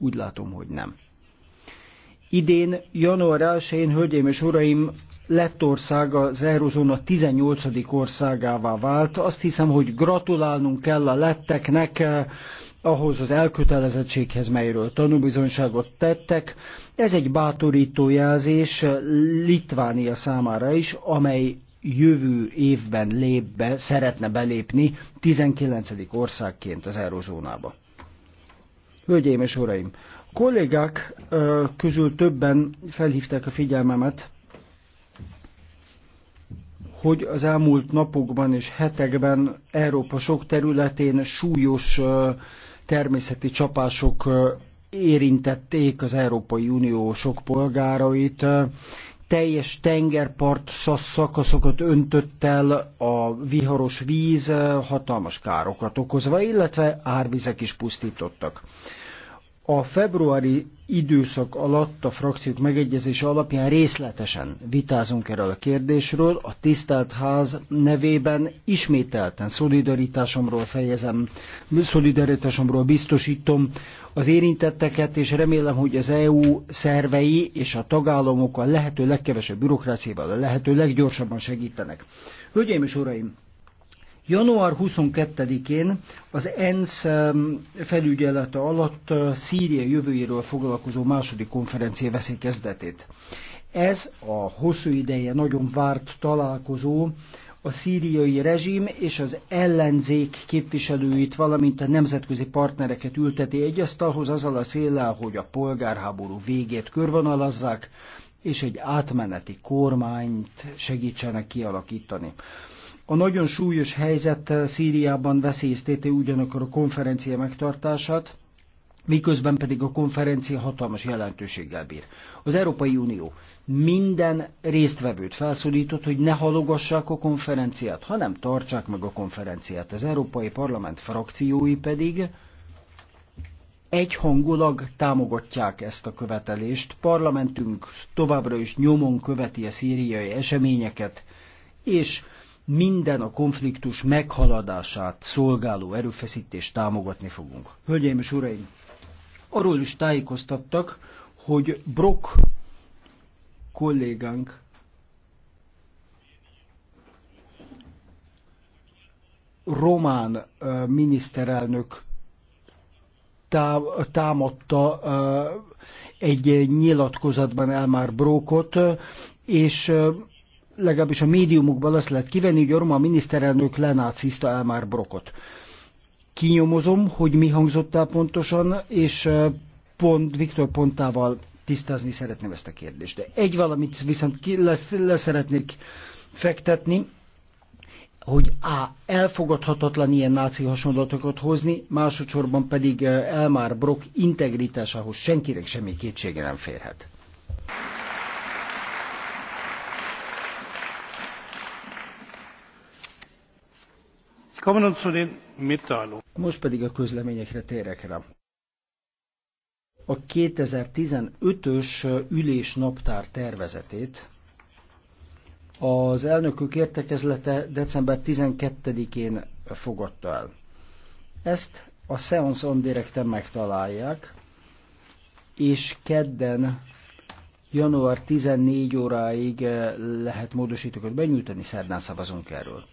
Úgy látom, hogy nem. Idén, január 1-én, hölgyeim és uraim, Lettország az Eurozóna 18. országává vált. Azt hiszem, hogy gratulálnunk kell a letteknek eh, ahhoz az elkötelezettséghez, melyről tanúbizonyságot tettek. Ez egy bátorító jelzés eh, Litvánia számára is, amely jövő évben lép be, szeretne belépni 19. országként az Eurozónába. Hölgyeim és uraim! Kollégák közül többen felhívták a figyelmemet, hogy az elmúlt napokban és hetekben Európa sok területén súlyos természeti csapások érintették az Európai Unió sok polgárait teljes tengerpart szakaszokat öntött el a viharos víz eh, hatalmas károkat okozva, illetve árvizek is pusztítottak. A februári időszak alatt a frakciók megegyezése alapján részletesen vitázunk erről a kérdésről. A tisztelt ház nevében ismételten szolidaritásomról fejezem, szolidaritásomról biztosítom az érintetteket, és remélem, hogy az EU szervei és a tagállamok a lehető legkevesebb bürokráciával a lehető leggyorsabban segítenek. Hölgyeim és uraim! Január 22-én az ENSZ felügyelete alatt Szíria jövőjéről foglalkozó második konferencia veszi kezdetét. Ez a hosszú ideje nagyon várt találkozó a szíriai rezsim és az ellenzék képviselőit, valamint a nemzetközi partnereket ülteti egy asztalhoz azzal a céllal, hogy a polgárháború végét körvonalazzák, és egy átmeneti kormányt segítsenek kialakítani. A nagyon súlyos helyzet eh, Szíriában veszélyeztéti ugyanakkor a konferencia megtartását, miközben pedig a konferencia hatalmas jelentőséggel bír. Az Európai Unió minden résztvevőt felszólított, hogy ne halogassák a konferenciát, hanem tartsák meg a konferenciát. Az Európai Parlament frakciói pedig egyhangulag támogatják ezt a követelést. Parlamentünk továbbra is nyomon követi a szíriai eseményeket, és minden a konfliktus meghaladását szolgáló erőfeszítést támogatni fogunk. Hölgyeim és uraim, arról is tájékoztattak, hogy Brock kollégánk román miniszterelnök támadta egy nyilatkozatban Elmar Brókot, és legalábbis a médiumokban azt lehet kivenni, hogy a roma miniszterelnök el már Brokot. Kinyomozom, hogy mi hangzott el pontosan, és pont Viktor Pontával tisztázni szeretném ezt a kérdést. De egy valamit viszont ki lesz, leszeretnék fektetni, hogy A. elfogadhatatlan ilyen náci hasonlatokat hozni, másodszorban pedig Elmar Brock integritásához senkinek semmi kétsége nem férhet. Most pedig a közleményekre térek rá. A 2015-ös ülés naptár tervezetét az elnökök értekezlete december 12-én fogadta el. Ezt a Seance on Directen megtalálják, és kedden január 14 óráig lehet módosítókat benyújtani, szerdán szavazunk erről.